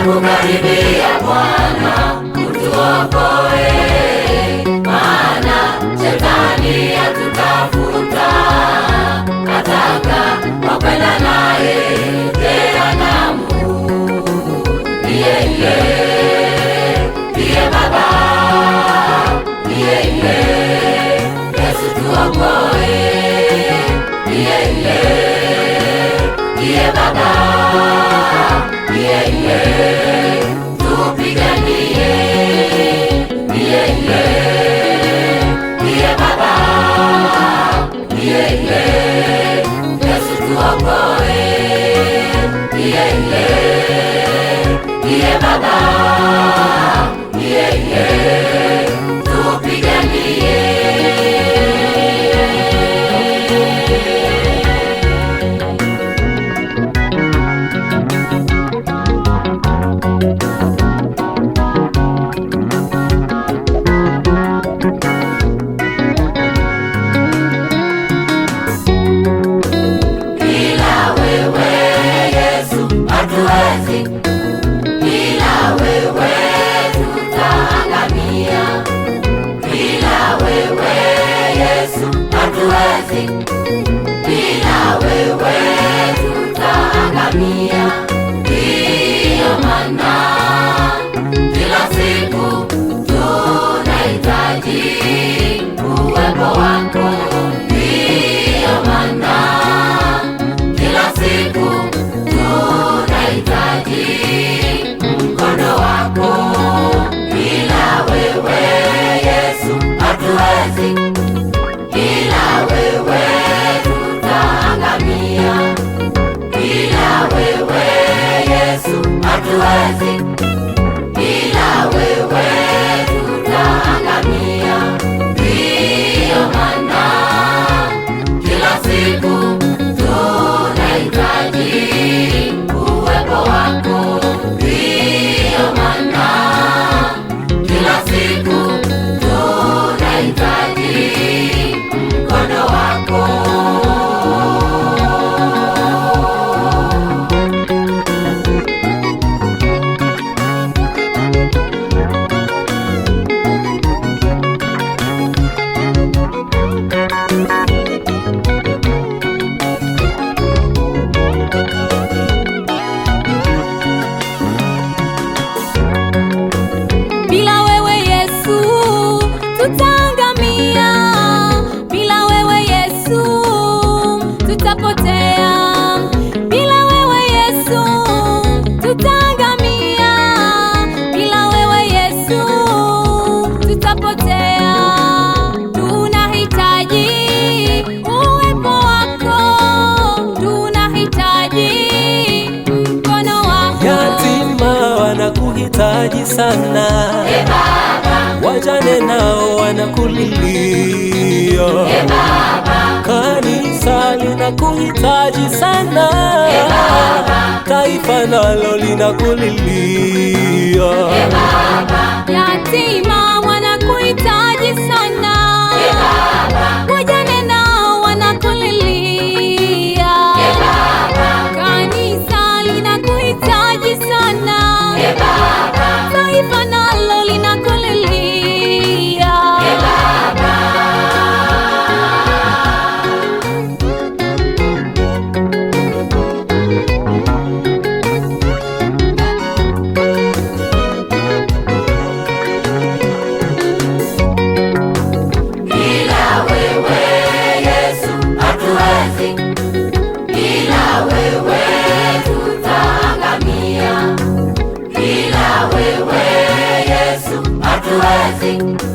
Tumekukaribia Bwana utuokoe, maana shetani atutafuta ye bada Yesu hatuwezi, bila wewe tutaangamia. hatuwezi bila wewe. sana Wajane nao wanakulilia hey, baba. Kanisa linakuhitaji sana Taifa nalo linakulilia hey, baba. Yatima wanakuhitaji sana hey, baba. Music.